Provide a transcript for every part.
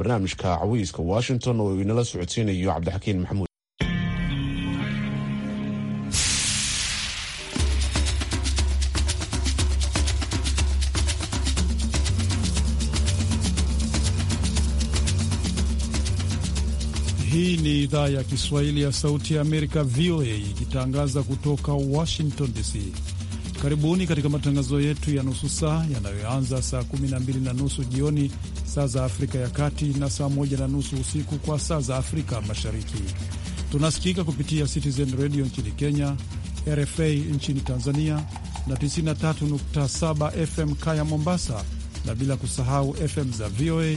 barnaamijka caweyska washington oo inala socodsiinayo cabdixakiin maxamuud Hii ni idhaa ya Kiswahili ya Sauti ya Amerika, VOA, ikitangaza kutoka Washington DC. Karibuni katika matangazo yetu ya nusu saa yanayoanza saa 12 na nusu jioni saa za Afrika ya Kati na saa moja na nusu usiku kwa saa za Afrika Mashariki. Tunasikika kupitia Citizen Radio nchini Kenya, RFA nchini Tanzania na 93.7 FM Kaya Mombasa, na bila kusahau FM za VOA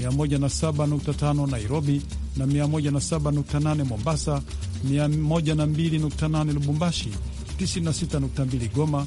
107.5 Nairobi na 107.8 Mombasa, 102.8 Lubumbashi, 96.2 Goma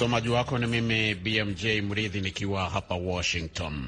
Msomaji wako ni mimi BMJ Mridhi nikiwa hapa Washington.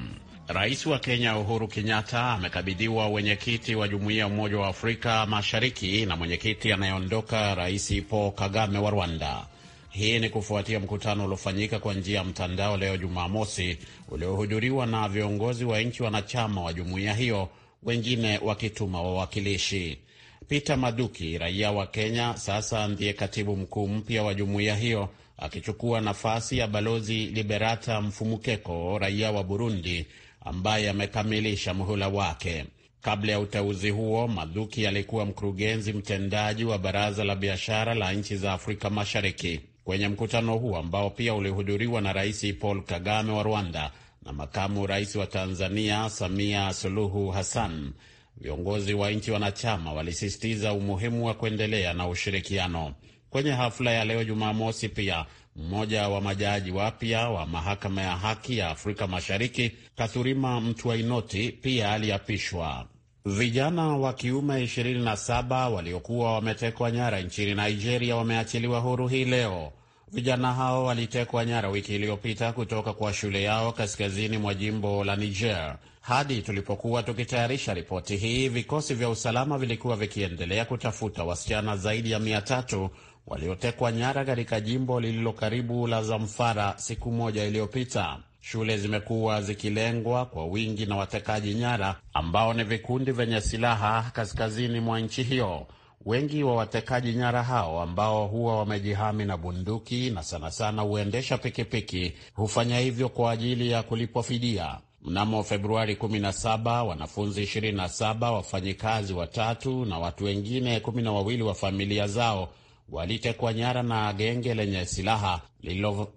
Rais wa Kenya Uhuru Kenyatta amekabidhiwa wenyekiti wa Jumuiya ya Umoja wa Afrika Mashariki na mwenyekiti anayeondoka Rais Paul Kagame wa Rwanda. Hii ni kufuatia mkutano uliofanyika kwa njia ya mtandao leo Jumamosi, uliohudhuriwa na viongozi wa nchi wanachama wa jumuiya hiyo, wengine wakituma wawakilishi. Peter Maduki, raia wa Kenya, sasa ndiye katibu mkuu mpya wa jumuiya hiyo akichukua nafasi ya Balozi Liberata Mfumukeko, raia wa Burundi ambaye amekamilisha muhula wake. Kabla ya uteuzi huo, Madhuki alikuwa mkurugenzi mtendaji wa Baraza la Biashara la Nchi za Afrika Mashariki. Kwenye mkutano huo ambao pia ulihudhuriwa na Rais Paul Kagame wa Rwanda na makamu rais wa Tanzania Samia Suluhu Hassan, viongozi wa nchi wanachama walisisitiza umuhimu wa kuendelea na ushirikiano. Kwenye hafla ya leo Jumamosi, pia mmoja wa majaji wapya wa mahakama ya haki ya Afrika Mashariki Kathurima Mtwainoti pia aliapishwa. Vijana wa kiume 27 waliokuwa wametekwa nyara nchini Nigeria wameachiliwa huru hii leo. Vijana hao walitekwa nyara wiki iliyopita kutoka kwa shule yao kaskazini mwa jimbo la Niger. Hadi tulipokuwa tukitayarisha ripoti hii, vikosi vya usalama vilikuwa vikiendelea kutafuta wasichana zaidi ya mia tatu waliotekwa nyara katika jimbo lililo karibu la Zamfara siku moja iliyopita. Shule zimekuwa zikilengwa kwa wingi na watekaji nyara ambao ni vikundi vyenye silaha kaskazini mwa nchi hiyo. Wengi wa watekaji nyara hao ambao huwa wamejihami na bunduki na sana sana huendesha pikipiki, hufanya hivyo kwa ajili ya kulipwa fidia. Mnamo Februari 17 wanafunzi 27, wafanyikazi watatu na watu wengine kumi na wawili wa familia zao walitekwa nyara na genge lenye silaha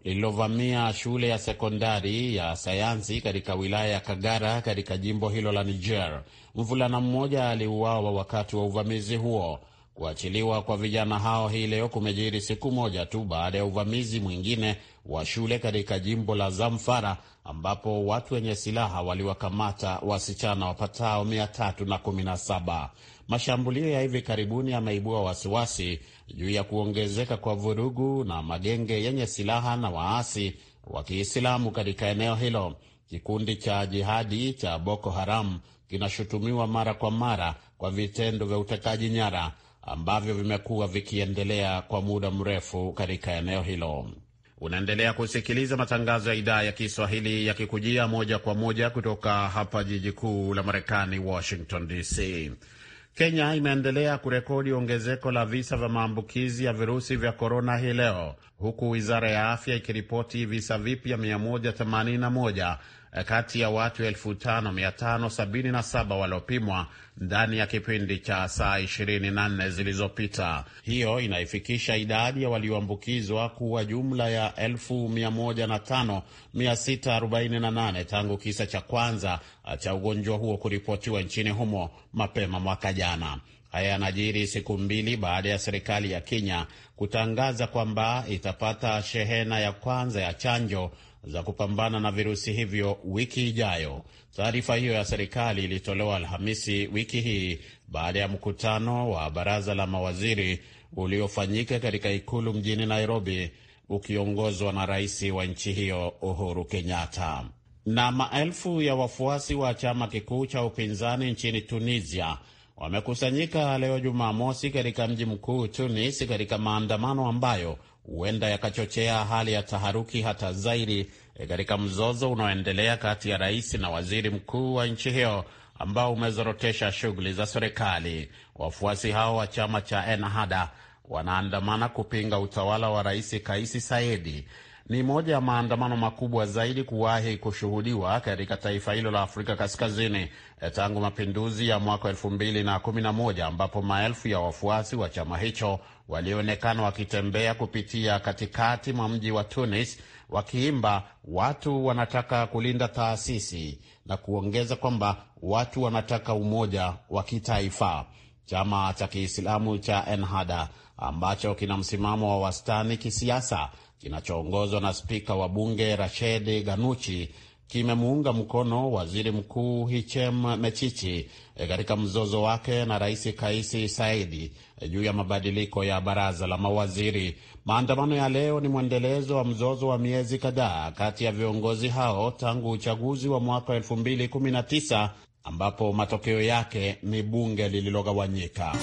lililovamia shule ya sekondari ya sayansi katika wilaya ya Kagara katika jimbo hilo la Niger. Mvulana mmoja aliuawa wakati wa uvamizi huo. Kuachiliwa kwa vijana hao hii leo kumejiri siku moja tu baada ya uvamizi mwingine wa shule katika jimbo la Zamfara ambapo watu wenye silaha waliwakamata wasichana wapatao 317. Mashambulio ya hivi karibuni yameibua wasiwasi juu ya kuongezeka kwa vurugu na magenge yenye silaha na waasi wa Kiislamu katika eneo hilo. Kikundi cha jihadi cha Boko Haram kinashutumiwa mara kwa mara kwa vitendo vya utekaji nyara ambavyo vimekuwa vikiendelea kwa muda mrefu katika eneo hilo. Unaendelea kusikiliza matangazo ya idhaa ya Kiswahili yakikujia moja kwa moja kutoka hapa jiji kuu la Marekani, Washington DC. Kenya imeendelea kurekodi ongezeko la visa vya maambukizi ya virusi vya korona hii leo, huku wizara ya afya ikiripoti visa vipya 181 Eh, kati ya watu 5577 waliopimwa ndani ya kipindi cha saa 24 zilizopita. Hiyo inaifikisha idadi ya walioambukizwa kuwa jumla ya 105648 tangu kisa cha kwanza eh, cha ugonjwa huo kuripotiwa nchini humo mapema mwaka jana. Haya yanajiri siku mbili baada ya serikali ya Kenya kutangaza kwamba itapata shehena ya kwanza ya chanjo za kupambana na virusi hivyo wiki ijayo. Taarifa hiyo ya serikali ilitolewa Alhamisi wiki hii baada ya mkutano wa baraza la mawaziri uliofanyika katika ikulu mjini Nairobi ukiongozwa na rais wa nchi hiyo Uhuru Kenyatta. Na maelfu ya wafuasi wa chama kikuu cha upinzani nchini Tunisia wamekusanyika leo Jumamosi katika mji mkuu Tunis katika maandamano ambayo huenda yakachochea hali ya taharuki hata zaidi e, katika mzozo unaoendelea kati ya rais na waziri mkuu wa nchi hiyo ambao umezorotesha shughuli za serikali. Wafuasi hao wa chama cha Ennahda wanaandamana kupinga utawala wa rais Kaisi Saidi ni moja ya maandamano makubwa zaidi kuwahi kushuhudiwa katika taifa hilo la Afrika Kaskazini eh, tangu mapinduzi ya mwaka moja ambapo maelfu ya wafuasi wa chama hicho walionekana wakitembea kupitia katikati mwa mji wa Tunis wakiimba watu wanataka kulinda taasisi na kuongeza kwamba watu wanataka umoja wa kitaifa. Chama cha Kiislamu cha Ennahda ambacho kina msimamo wa wastani kisiasa kinachoongozwa na spika wa bunge Rashedi Ganuchi kimemuunga mkono waziri mkuu Hichem Mechichi e, katika mzozo wake na rais Kaisi Saidi e, juu ya mabadiliko ya baraza la mawaziri. Maandamano ya leo ni mwendelezo wa mzozo wa miezi kadhaa kati ya viongozi hao tangu uchaguzi wa mwaka 2019 ambapo matokeo yake ni bunge lililogawanyika.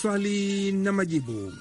Swali na majibu.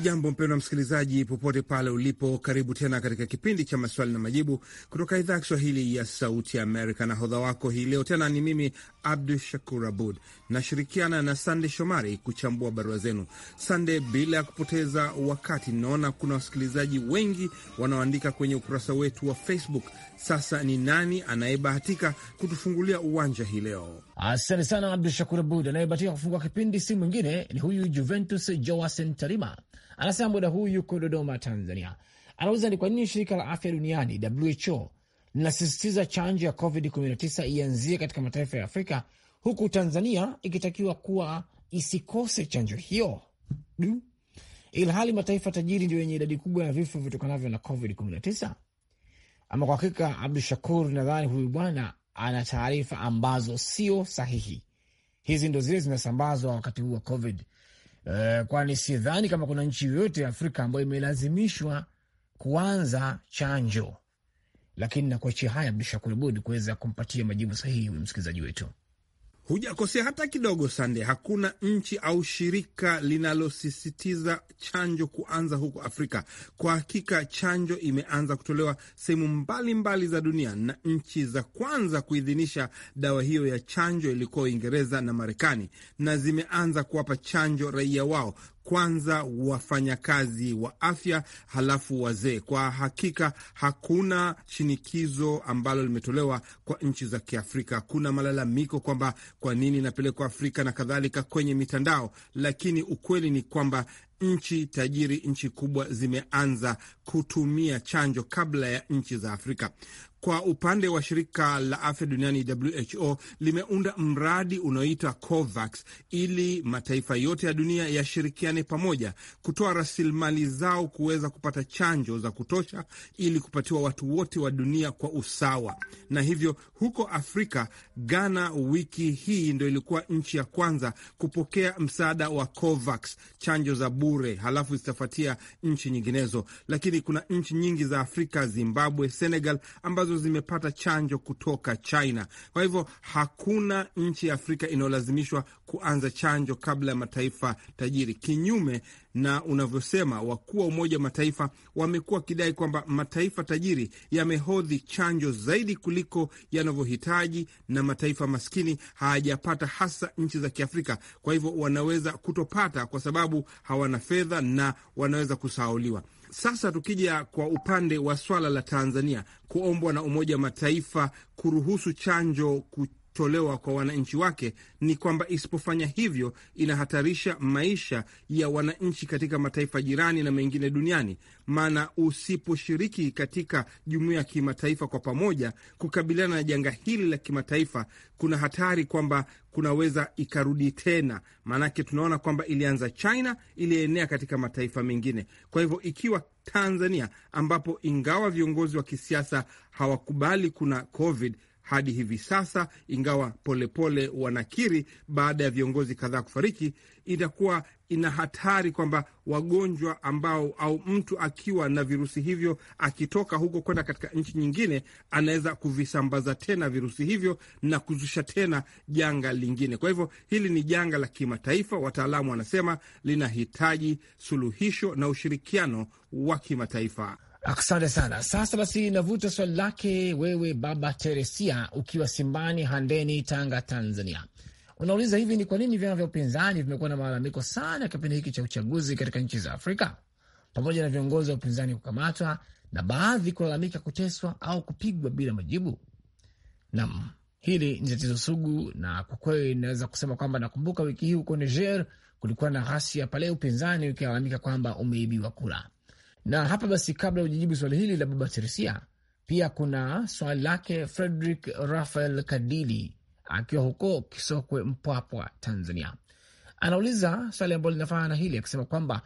Hujambo mpendwa msikilizaji, popote pale ulipo, karibu tena katika kipindi cha maswali na majibu kutoka idhaa ya Kiswahili ya Sauti ya Amerika. Nahodha wako hii leo tena ni mimi Abdu Shakur Abud, nashirikiana na Sande Shomari kuchambua barua zenu. Sande, bila ya kupoteza wakati, naona kuna wasikilizaji wengi wanaoandika kwenye ukurasa wetu wa Facebook. Sasa ni nani anayebahatika kutufungulia uwanja hii leo? Asante sana Abdu Shakur Abud. Anayebahatika kufungua kipindi si mwingine ni huyu Juventus Joasen Tarima Anasema muda huu yuko Dodoma, Tanzania. Anauliza ni kwa nini shirika la afya duniani WHO linasisitiza chanjo ya COVID-19 ianzie katika mataifa ya Afrika huku Tanzania ikitakiwa kuwa isikose chanjo hiyo du, ilhali mataifa tajiri ndio yenye idadi kubwa ya vifo vitokanavyo na COVID-19. Ama kwa hakika, Abdu Shakur, nadhani huyu bwana ana taarifa ambazo sio sahihi. Hizi ndo zile zinasambazwa wakati huu wa COVID e, kwani sidhani kama kuna nchi yoyote ya Afrika ambayo imelazimishwa kuanza chanjo. Lakini nakuachia haya Abdu Shakur Abud kuweza kumpatia majibu sahihi msikilizaji wetu. Hujakosea hata kidogo, Sande. Hakuna nchi au shirika linalosisitiza chanjo kuanza huko Afrika. Kwa hakika, chanjo imeanza kutolewa sehemu mbalimbali za dunia, na nchi za kwanza kuidhinisha dawa hiyo ya chanjo ilikuwa Uingereza na Marekani, na zimeanza kuwapa chanjo raia wao, kwanza wafanyakazi wa afya, halafu wazee. Kwa hakika hakuna shinikizo ambalo limetolewa kwa nchi za Kiafrika. Kuna malalamiko kwamba kwa nini inapelekwa Afrika na kadhalika kwenye mitandao, lakini ukweli ni kwamba nchi tajiri, nchi kubwa zimeanza kutumia chanjo kabla ya nchi za Afrika. Kwa upande wa shirika la afya duniani WHO limeunda mradi unaoitwa COVAX ili mataifa yote ya dunia yashirikiane pamoja kutoa rasilimali zao kuweza kupata chanjo za kutosha ili kupatiwa watu wote wa dunia kwa usawa. Na hivyo huko Afrika, Ghana wiki hii ndo ilikuwa nchi ya kwanza kupokea msaada wa COVAX, chanjo za bure, halafu zitafuatia nchi nyinginezo, lakini Pili, kuna nchi nyingi za Afrika, Zimbabwe, Senegal, ambazo zimepata chanjo kutoka China. Kwa hivyo hakuna nchi ya Afrika inayolazimishwa kuanza chanjo kabla ya mataifa tajiri, kinyume na unavyosema wakuu wa Umoja wa Mataifa wamekuwa wakidai kwamba mataifa tajiri yamehodhi chanjo zaidi kuliko yanavyohitaji, na mataifa maskini hayajapata, hasa nchi za Kiafrika. Kwa hivyo wanaweza kutopata kwa sababu hawana fedha na wanaweza kusahauliwa. Sasa tukija kwa upande wa swala la Tanzania kuombwa na Umoja wa Mataifa kuruhusu chanjo tolewa kwa wananchi wake ni kwamba isipofanya hivyo inahatarisha maisha ya wananchi katika mataifa jirani na mengine duniani. Maana usiposhiriki katika jumuiya ya kimataifa kwa pamoja kukabiliana na janga hili la kimataifa, kuna hatari kwamba kunaweza ikarudi tena. Maanake tunaona kwamba ilianza China, ilienea katika mataifa mengine. Kwa hivyo ikiwa Tanzania ambapo ingawa viongozi wa kisiasa hawakubali kuna COVID hadi hivi sasa, ingawa polepole pole wanakiri baada ya viongozi kadhaa kufariki, itakuwa ina hatari kwamba wagonjwa ambao au mtu akiwa na virusi hivyo akitoka huko kwenda katika nchi nyingine anaweza kuvisambaza tena virusi hivyo na kuzusha tena janga lingine. Kwa hivyo hili ni janga la kimataifa, wataalamu wanasema linahitaji suluhisho na ushirikiano wa kimataifa. Asante sana. Sasa basi, navuta swali lake wewe, Baba Teresia, ukiwa Simbani Handeni, Tanga, Tanzania. Unauliza, hivi ni kwa nini vyama vya upinzani vimekuwa na malalamiko sana kipindi hiki cha uchaguzi katika nchi za Afrika, pamoja na viongozi wa upinzani kukamatwa na baadhi kulalamika kuteswa au kupigwa bila majibu? Naam, hili ni tatizo sugu, na kwa kweli inaweza kusema kwamba nakumbuka wiki hii huko Niger kulikuwa na ghasia pale, upinzani ukilalamika kwamba umeibiwa kura na hapa basi, kabla hujajibu swali hili la Baba Teresia, pia kuna swali lake Frederick Rafael Kadili akiwa huko Kisokwe, Mpwapwa, Tanzania. Anauliza swali ambalo linafanana na hili akisema kwamba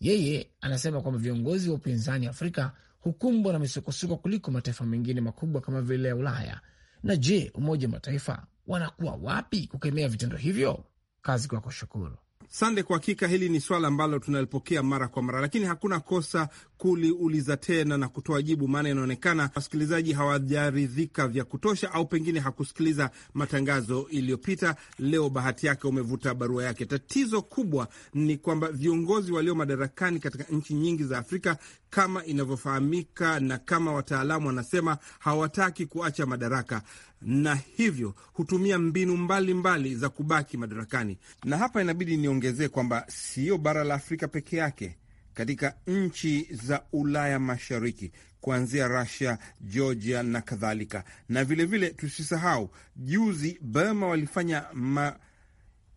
yeye anasema kwamba viongozi wa upinzani Afrika hukumbwa na misukosuko kuliko mataifa mengine makubwa kama vile ya Ulaya. Na je, Umoja wa Mataifa wanakuwa wapi kukemea vitendo hivyo? Kazi kwako, shukuru. Sande, kwa hakika hili ni swala ambalo tunalipokea mara kwa mara, lakini hakuna kosa kuliuliza tena na kutoa jibu, maana inaonekana wasikilizaji hawajaridhika vya kutosha, au pengine hakusikiliza matangazo iliyopita. Leo bahati yake umevuta barua yake. Tatizo kubwa ni kwamba viongozi walio madarakani katika nchi nyingi za Afrika kama inavyofahamika na kama wataalamu wanasema, hawataki kuacha madaraka na hivyo hutumia mbinu mbalimbali mbali za kubaki madarakani. Na hapa inabidi niongezee kwamba siyo bara la Afrika peke yake. Katika nchi za Ulaya Mashariki, kuanzia Russia, Georgia na kadhalika, na vilevile tusisahau juzi Burma walifanya ma...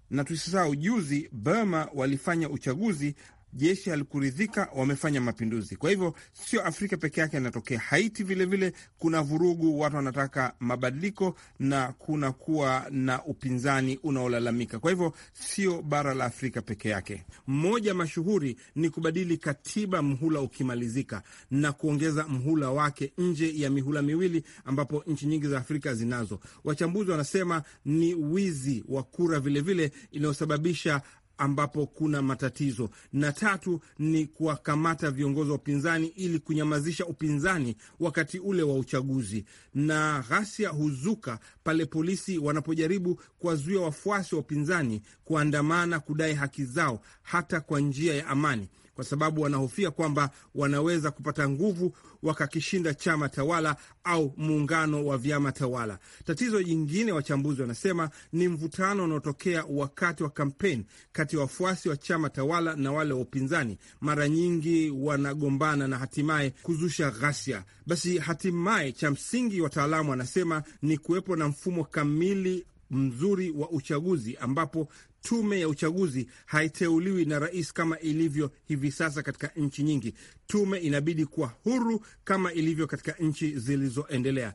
na tusisahau juzi Burma walifanya uchaguzi jeshi halikuridhika, wamefanya mapinduzi. Kwa hivyo sio Afrika peke yake anatokea Haiti vilevile vile, kuna vurugu, watu wanataka mabadiliko na kuna kuwa na upinzani unaolalamika. Kwa hivyo sio bara la Afrika peke yake. Mmoja mashuhuri ni kubadili katiba mhula ukimalizika na kuongeza mhula wake nje ya mihula miwili, ambapo nchi nyingi za Afrika zinazo. Wachambuzi wanasema ni wizi wa kura vilevile inayosababisha ambapo kuna matatizo, na tatu ni kuwakamata viongozi wa upinzani ili kunyamazisha upinzani wakati ule wa uchaguzi. Na ghasia huzuka pale polisi wanapojaribu kuwazuia wafuasi wa upinzani kuandamana kudai haki zao hata kwa njia ya amani kwa sababu wanahofia kwamba wanaweza kupata nguvu wakakishinda chama tawala au muungano wa vyama tawala. Tatizo jingine, wachambuzi wanasema, ni mvutano unaotokea wakati wa kampeni kati ya wafuasi wa chama tawala na wale wa upinzani. Mara nyingi wanagombana na hatimaye kuzusha ghasia. Basi hatimaye, cha msingi wataalamu wanasema ni kuwepo na mfumo kamili mzuri wa uchaguzi ambapo tume ya uchaguzi haiteuliwi na rais kama ilivyo hivi sasa katika nchi nyingi. Tume inabidi kuwa huru kama ilivyo katika nchi zilizoendelea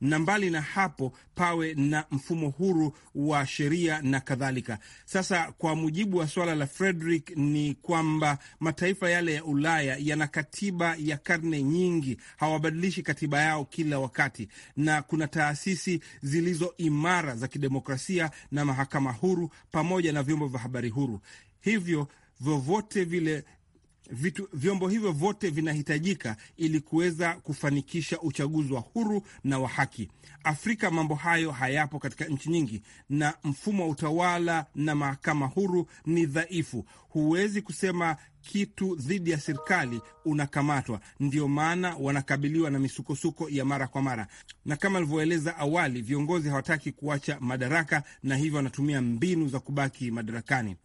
na mbali na hapo pawe na mfumo huru wa sheria na kadhalika. Sasa kwa mujibu wa suala la Frederick ni kwamba mataifa yale ya Ulaya yana katiba ya karne nyingi, hawabadilishi katiba yao kila wakati, na kuna taasisi zilizo imara za kidemokrasia na mahakama huru pamoja na vyombo vya habari huru, hivyo vyovyote vile vitu, vyombo hivyo vyote vinahitajika ili kuweza kufanikisha uchaguzi wa huru na wa haki. Afrika mambo hayo hayapo katika nchi nyingi, na mfumo wa utawala na mahakama huru ni dhaifu. Huwezi kusema kitu dhidi ya serikali unakamatwa. Ndiyo maana wanakabiliwa na misukosuko ya mara kwa mara, na kama alivyoeleza awali, viongozi hawataki kuacha madaraka na hivyo wanatumia mbinu za kubaki madarakani.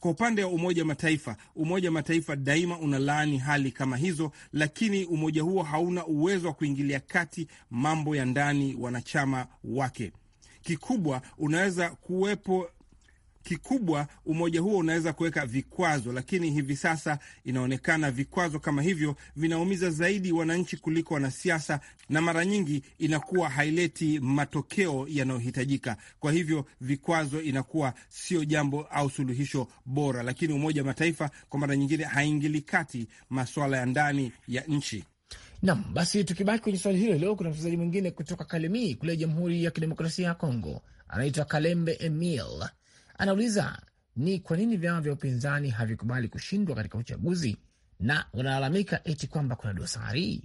Kwa upande wa Umoja wa Mataifa, Umoja wa Mataifa daima unalaani hali kama hizo, lakini umoja huo hauna uwezo wa kuingilia kati mambo ya ndani wanachama wake. Kikubwa unaweza kuwepo kikubwa umoja huo unaweza kuweka vikwazo, lakini hivi sasa inaonekana vikwazo kama hivyo vinaumiza zaidi wananchi kuliko wanasiasa, na mara nyingi inakuwa haileti matokeo yanayohitajika. Kwa hivyo vikwazo inakuwa sio jambo au suluhisho bora, lakini Umoja wa Mataifa kwa mara nyingine haingili kati masuala ya ndani ya nchi. Nam, basi tukibaki kwenye swali hilo leo, kuna mchezaji mwingine kutoka Kalemie kule Jamhuri ya Kidemokrasia ya Kongo, anaitwa Kalembe Emil Anauliza ni kwa nini vyama vya upinzani havikubali kushindwa katika uchaguzi na wanalalamika eti kwamba kuna dosari.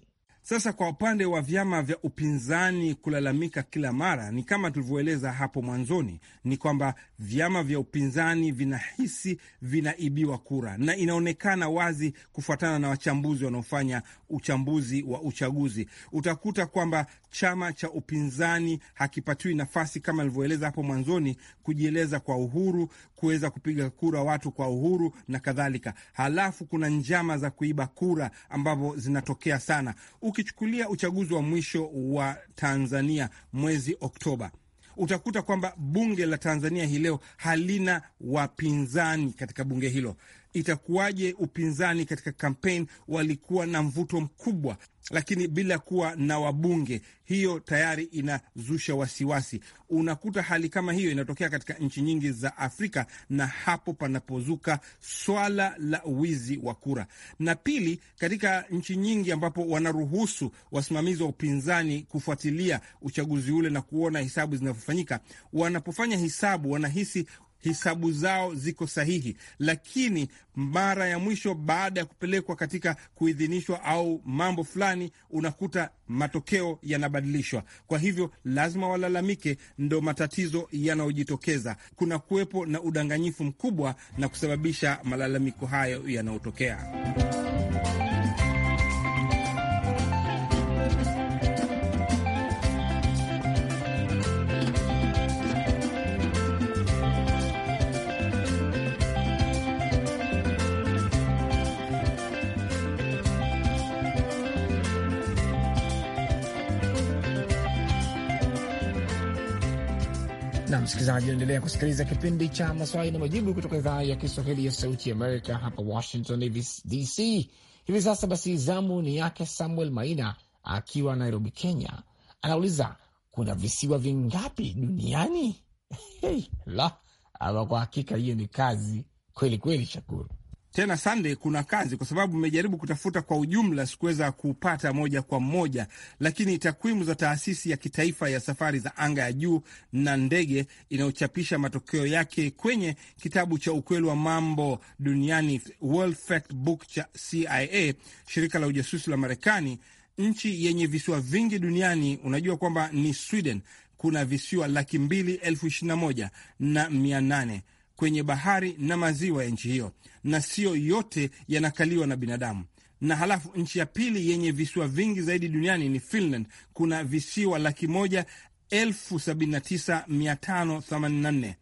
Sasa kwa upande wa vyama vya upinzani kulalamika kila mara, ni kama tulivyoeleza hapo mwanzoni, ni kwamba vyama vya upinzani vinahisi vinaibiwa kura, na inaonekana wazi kufuatana na wachambuzi wanaofanya uchambuzi wa uchaguzi, utakuta kwamba chama cha upinzani hakipatiwi nafasi kama alivyoeleza hapo mwanzoni, kujieleza kwa uhuru, kuweza kupiga kura watu kwa uhuru na kadhalika. Halafu kuna njama za kuiba kura ambavyo zinatokea sana Uki Ukichukulia uchaguzi wa mwisho wa Tanzania mwezi Oktoba, utakuta kwamba bunge la Tanzania hii leo halina wapinzani katika bunge hilo itakuwaje? Upinzani katika kampeni walikuwa na mvuto mkubwa, lakini bila kuwa na wabunge, hiyo tayari inazusha wasiwasi. Unakuta hali kama hiyo inatokea katika nchi nyingi za Afrika, na hapo panapozuka swala la wizi wa kura. Na pili, katika nchi nyingi ambapo wanaruhusu wasimamizi wa upinzani kufuatilia uchaguzi ule na kuona hesabu zinavyofanyika, wanapofanya hesabu wanahisi hisabu zao ziko sahihi, lakini mara ya mwisho baada ya kupelekwa katika kuidhinishwa au mambo fulani, unakuta matokeo yanabadilishwa. Kwa hivyo lazima walalamike, ndo matatizo yanayojitokeza. Kuna kuwepo na udanganyifu mkubwa na kusababisha malalamiko hayo yanayotokea. Msikilizaji, endelea kusikiliza kipindi cha maswali na majibu kutoka idhaa ya Kiswahili ya Sauti ya Amerika hapa Washington DC. Hivi sasa basi, zamu ni yake Samuel Maina akiwa Nairobi, Kenya. Anauliza, kuna visiwa vingapi duniani? Hey, la ama kwa hakika hiyo ni kazi kweli kweli, Shakuru tena Sunday, kuna kazi kwa sababu nimejaribu kutafuta kwa ujumla, sikuweza kupata moja kwa moja, lakini takwimu za taasisi ya kitaifa ya safari za anga ya juu na ndege inayochapisha matokeo yake kwenye kitabu cha ukweli wa mambo duniani World Fact Book cha CIA, shirika la ujasusi la Marekani. Nchi yenye visiwa vingi duniani, unajua kwamba ni Sweden, kuna visiwa laki mbili elfu ishirini na moja na mia nane kwenye bahari na maziwa ya nchi hiyo, na siyo yote yanakaliwa na binadamu. Na halafu nchi ya pili yenye visiwa vingi zaidi duniani ni Finland, kuna visiwa laki moja elfu sabini na tisa mia tano themanini na nne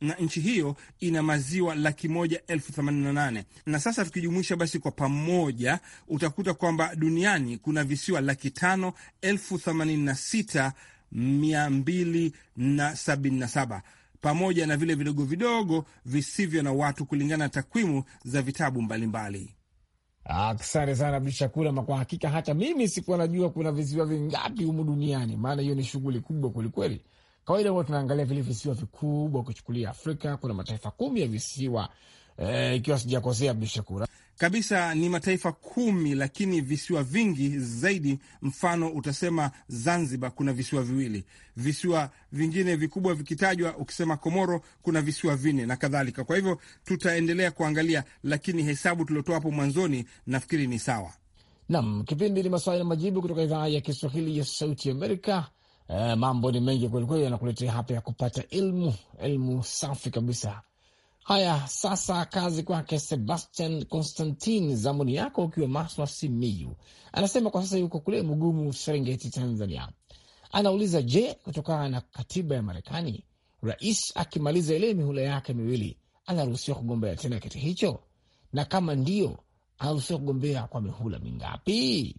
na nchi hiyo ina maziwa laki moja elfu themanini na nane na sasa tukijumuisha basi kwa pamoja utakuta kwamba duniani kuna visiwa laki tano elfu themanini na sita mia mbili na sabini na saba pamoja na vile vidogo vidogo visivyo na watu, kulingana na takwimu za vitabu mbalimbali. Asante sana Abdu Shakur. Ama kwa hakika hata mimi sikuwa najua kuna visiwa vingapi humu duniani, maana hiyo ni shughuli kubwa kwelikweli. Kawaida huwa tunaangalia vile visiwa vikubwa, kuchukulia Afrika kuna mataifa kumi ya visiwa eh, ikiwa sijakosea Abdu kabisa ni mataifa kumi, lakini visiwa vingi zaidi. Mfano utasema Zanzibar kuna visiwa viwili, visiwa vingine vikubwa vikitajwa, ukisema Komoro kuna visiwa vinne na kadhalika. Kwa hivyo tutaendelea kuangalia, lakini hesabu tuliotoa hapo mwanzoni nafikiri ni sawa. Nam kipindi ni maswali na majibu kutoka idhaa ya Kiswahili ya Sauti Amerika. Uh, mambo ni mengi kwelikweli, yanakuletea hapa ya kupata ilmu, ilmu safi kabisa Haya, sasa kazi kwake Sebastian Constantin. Zamuni yako ukiwa Maswa Simiyu, anasema kwa sasa yuko kule mgumu Serengeti, Tanzania. Anauliza, je, kutokana na katiba ya Marekani rais akimaliza ile mihula yake miwili anaruhusiwa kugombea tena kiti hicho, na kama ndiyo, anaruhusiwa kugombea kwa mihula mingapi?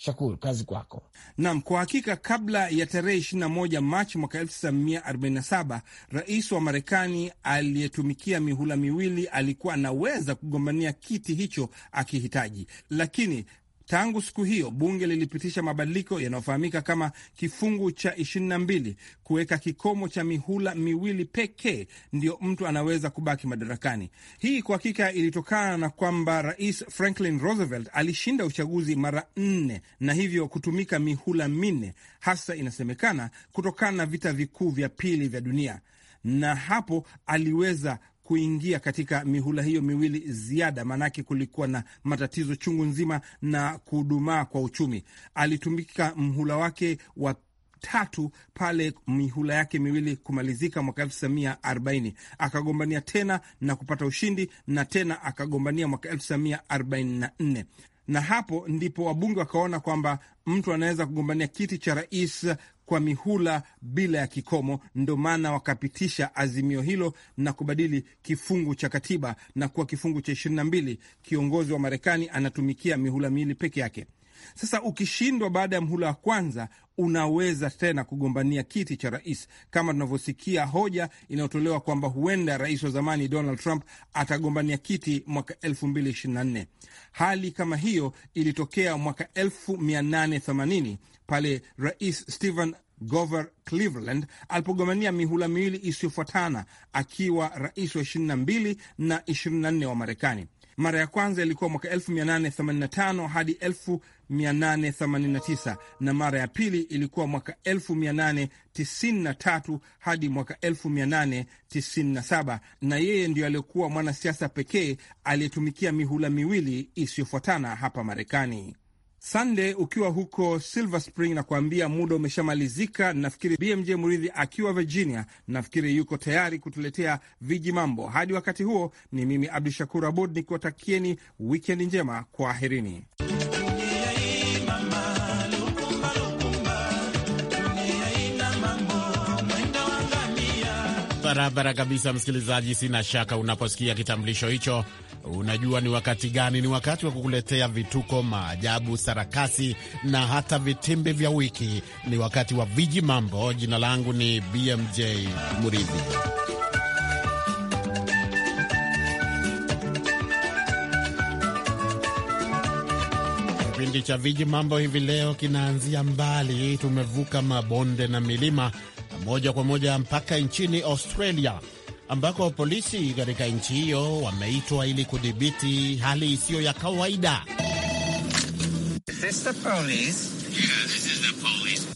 Shakuru, kazi kwako. Naam, kwa hakika, kabla ya tarehe 21 Machi mwaka 1947 rais wa Marekani aliyetumikia mihula miwili alikuwa anaweza kugombania kiti hicho akihitaji, lakini Tangu siku hiyo bunge lilipitisha mabadiliko yanayofahamika kama kifungu cha 22 kuweka kikomo cha mihula miwili pekee ndio mtu anaweza kubaki madarakani. Hii kwa hakika ilitokana na kwamba Rais Franklin Roosevelt alishinda uchaguzi mara nne na hivyo kutumika mihula minne, hasa inasemekana kutokana na vita vikuu vya pili vya dunia na hapo aliweza kuingia katika mihula hiyo miwili ziada, maanake kulikuwa na matatizo chungu nzima na kudumaa kwa uchumi. Alitumika mhula wake wa tatu pale mihula yake miwili kumalizika mwaka 1940 akagombania tena na kupata ushindi na tena akagombania mwaka 1944 na hapo ndipo wabunge wakaona kwamba mtu anaweza kugombania kiti cha rais kwa mihula bila ya kikomo. Ndo maana wakapitisha azimio hilo na kubadili kifungu cha katiba na kuwa kifungu cha ishirini na mbili, kiongozi wa Marekani anatumikia mihula miwili peke yake. Sasa ukishindwa baada ya mhula wa kwanza, unaweza tena kugombania kiti cha rais, kama tunavyosikia hoja inayotolewa kwamba huenda rais wa zamani Donald Trump atagombania kiti mwaka 2024. Hali kama hiyo ilitokea mwaka 1880 pale rais Stephen gover Cleveland alipogombania mihula miwili isiyofuatana akiwa rais wa 22 na 24 wa Marekani. Mara ya kwanza ilikuwa mwaka 1885 hadi 1889 na mara ya pili ilikuwa mwaka 1893 hadi mwaka 1897, na yeye ndiyo aliyekuwa mwanasiasa pekee aliyetumikia mihula miwili isiyofuatana hapa Marekani. Sande, ukiwa huko Silver Spring na kuambia muda umeshamalizika. Nafikiri BMJ Muridhi akiwa Virginia, nafikiri yuko tayari kutuletea viji mambo. Hadi wakati huo, ni mimi Abdu Shakur Abud nikiwatakieni wikendi njema, kwaherini. barabara kabisa, msikilizaji. Sina shaka unaposikia kitambulisho hicho unajua ni wakati gani. Ni wakati wa kukuletea vituko, maajabu, sarakasi na hata vitimbi vya wiki. Ni wakati wa viji mambo. Jina langu ni BMJ Muridhi. Kipindi cha Viji Mambo hivi leo kinaanzia mbali. Tumevuka mabonde na milima na moja kwa moja mpaka nchini Australia, ambako polisi katika nchi hiyo wameitwa ili kudhibiti hali isiyo ya kawaida.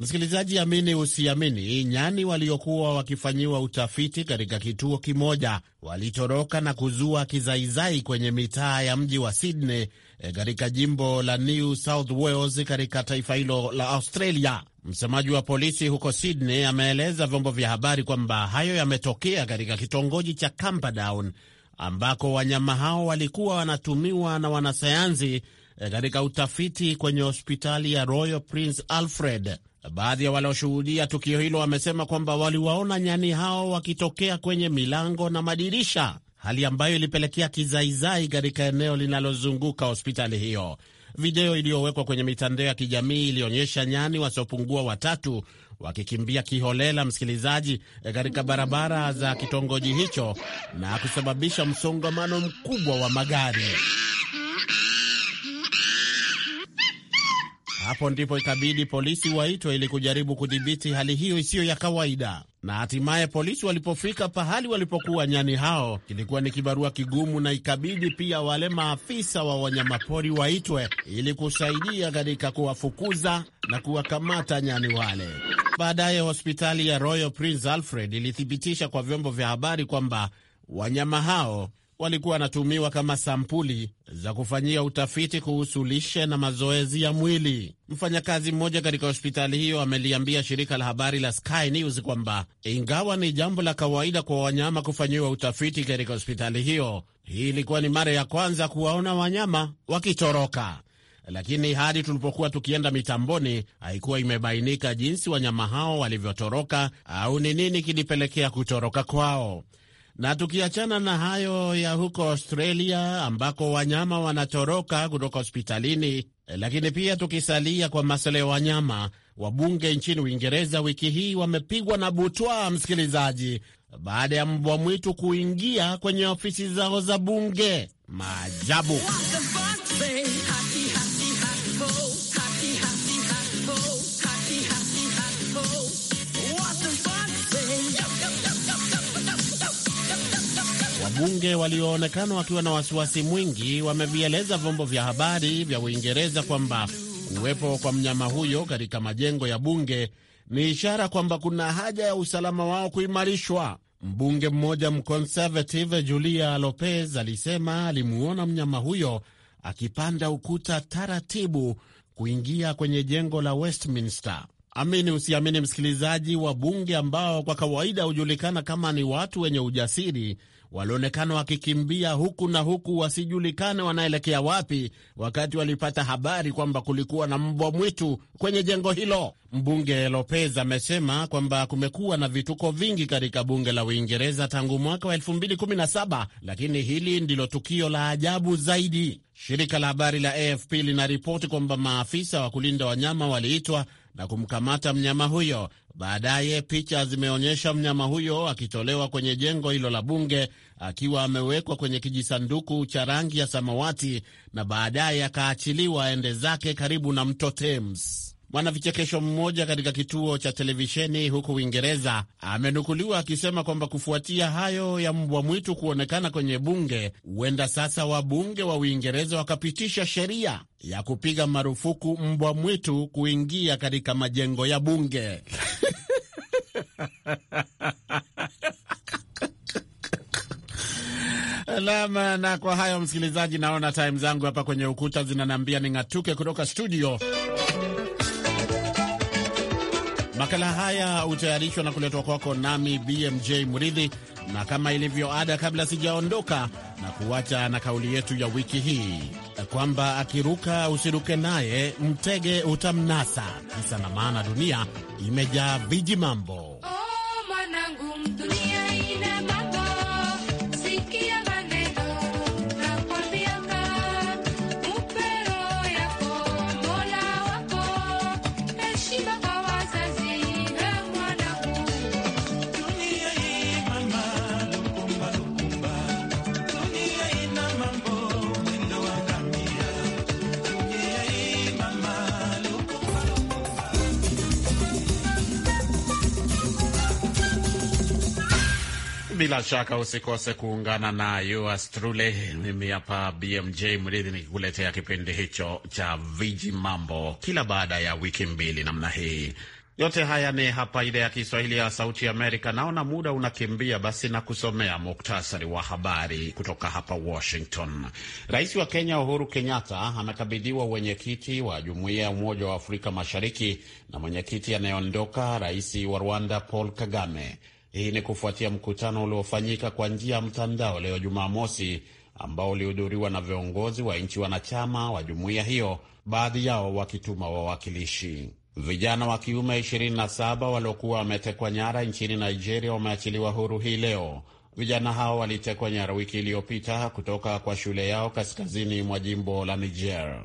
Msikilizaji, amini usiamini, nyani waliokuwa wakifanyiwa utafiti katika kituo kimoja walitoroka na kuzua kizaizai kwenye mitaa ya mji wa Sydney E, katika jimbo la New South Wales katika taifa hilo la Australia. Msemaji wa polisi huko Sydney ameeleza vyombo vya habari kwamba hayo yametokea katika kitongoji cha Camperdown ambako wanyama hao walikuwa wanatumiwa na wanasayansi e, katika utafiti kwenye hospitali ya Royal Prince Alfred. Baadhi ya walioshuhudia tukio hilo wamesema kwamba waliwaona nyani hao wakitokea kwenye milango na madirisha hali ambayo ilipelekea kizaizai katika eneo linalozunguka hospitali hiyo. Video iliyowekwa kwenye mitandao ya kijamii ilionyesha nyani wasiopungua watatu wakikimbia kiholela, msikilizaji, katika barabara za kitongoji hicho na kusababisha msongamano mkubwa wa magari. Hapo ndipo ikabidi polisi waitwe ili kujaribu kudhibiti hali hiyo isiyo ya kawaida. Na hatimaye polisi walipofika pahali walipokuwa nyani hao, kilikuwa ni kibarua kigumu, na ikabidi pia wale maafisa wa wanyamapori waitwe ili kusaidia katika kuwafukuza na kuwakamata nyani wale. Baadaye hospitali ya Royal Prince Alfred ilithibitisha kwa vyombo vya habari kwamba wanyama hao walikuwa wanatumiwa kama sampuli za kufanyia utafiti kuhusu lishe na mazoezi ya mwili. Mfanyakazi mmoja katika hospitali hiyo ameliambia shirika la habari la Sky News kwamba ingawa ni jambo la kawaida kwa wanyama kufanyiwa utafiti katika hospitali hiyo, hii ilikuwa ni mara ya kwanza kuwaona wanyama wakitoroka. Lakini hadi tulipokuwa tukienda mitamboni, haikuwa imebainika jinsi wanyama hao walivyotoroka au ni nini kilipelekea kutoroka kwao. Na tukiachana na hayo ya huko Australia ambako wanyama wanatoroka kutoka hospitalini, eh, lakini pia tukisalia kwa masuala ya wanyama, wabunge nchini Uingereza wiki hii wamepigwa na butwaa, msikilizaji, baada ya mbwa mwitu kuingia kwenye ofisi zao za bunge. Maajabu. Wabunge walioonekana wakiwa na wasiwasi mwingi wamevieleza vyombo vya habari vya Uingereza kwamba kuwepo kwa mnyama huyo katika majengo ya bunge ni ishara kwamba kuna haja ya usalama wao kuimarishwa. Mbunge mmoja mconservative Julia Lopez alisema alimuona mnyama huyo akipanda ukuta taratibu kuingia kwenye jengo la Westminster. Amini usiamini, msikilizaji, wa bunge ambao kwa kawaida hujulikana kama ni watu wenye ujasiri walionekana wakikimbia huku na huku, wasijulikane wanaelekea wapi, wakati walipata habari kwamba kulikuwa na mbwa mwitu kwenye jengo hilo. Mbunge Lopez amesema kwamba kumekuwa na vituko vingi katika bunge la Uingereza tangu mwaka wa 2017 lakini hili ndilo tukio la ajabu zaidi. Shirika la habari la AFP linaripoti kwamba maafisa wa kulinda wanyama waliitwa na kumkamata mnyama huyo Baadaye picha zimeonyesha mnyama huyo akitolewa kwenye jengo hilo la bunge akiwa amewekwa kwenye kijisanduku cha rangi ya samawati na baadaye akaachiliwa aende zake karibu na mto Thames. Mwanavichekesho mmoja katika kituo cha televisheni huko Uingereza amenukuliwa akisema kwamba kufuatia hayo ya mbwa mwitu kuonekana kwenye bunge, huenda sasa wabunge wa Uingereza wakapitisha sheria ya kupiga marufuku mbwa mwitu kuingia katika majengo ya bunge. nam na kwa hayo msikilizaji, naona time zangu hapa kwenye ukuta zinaniambia ning'atuke kutoka studio. Makala haya hutayarishwa na kuletwa kwako nami BMJ Muridhi, na kama ilivyo ada, kabla sijaondoka na kuacha na kauli yetu ya wiki hii kwamba akiruka usiruke naye, mtege utamnasa. Kisa na maana, dunia imejaa viji mambo. Oh, mwanangu, dunia Bila shaka usikose kuungana na Yoas Trule. Mimi hapa BMJ Mridhi nikikuletea kipindi hicho cha viji mambo kila baada ya wiki mbili namna hii. Yote haya ni hapa idhaa ya Kiswahili ya Sauti Amerika. Naona muda unakimbia, basi na kusomea muktasari wa habari kutoka hapa Washington. Rais wa Kenya Uhuru Kenyatta amekabidhiwa wenyekiti wa Jumuiya ya Umoja wa Afrika Mashariki na mwenyekiti anayeondoka rais wa Rwanda Paul Kagame. Hii ni kufuatia mkutano uliofanyika kwa njia ya mtandao leo Jumamosi, ambao ulihudhuriwa na viongozi wa nchi wanachama wa jumuiya hiyo, baadhi yao wakituma wawakilishi. Vijana wa kiume 27 waliokuwa wametekwa nyara nchini Nigeria wameachiliwa huru hii leo. Vijana hao walitekwa nyara wiki iliyopita kutoka kwa shule yao kaskazini mwa jimbo la Niger.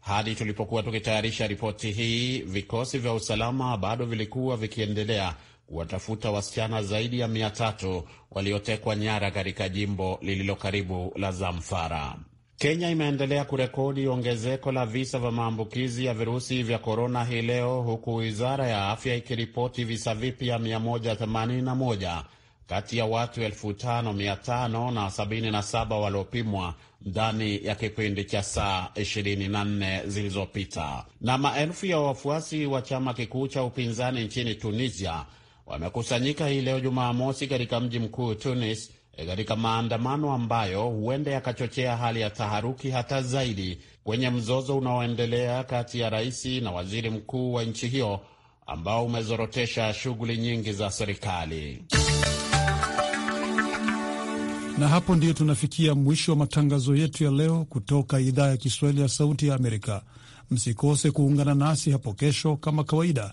Hadi tulipokuwa tukitayarisha ripoti hii, vikosi vya usalama bado vilikuwa vikiendelea kuwatafuta wasichana zaidi ya mia tatu waliotekwa nyara katika jimbo lililo karibu la Zamfara. Kenya imeendelea kurekodi ongezeko la visa vya maambukizi ya virusi vya korona hii leo, huku wizara ya afya ikiripoti visa vipya 181 kati ya watu 5577 waliopimwa ndani ya kipindi cha saa 24 zilizopita. Na maelfu ya wafuasi wa chama kikuu cha upinzani nchini Tunisia wamekusanyika hii leo Jumamosi katika mji mkuu Tunis, eh, katika maandamano ambayo huenda yakachochea hali ya taharuki hata zaidi kwenye mzozo unaoendelea kati ya rais na waziri mkuu wa nchi hiyo ambao umezorotesha shughuli nyingi za serikali. Na hapo ndiyo tunafikia mwisho wa matangazo yetu ya leo kutoka idhaa ya Kiswahili ya Sauti ya Amerika. Msikose kuungana nasi hapo kesho kama kawaida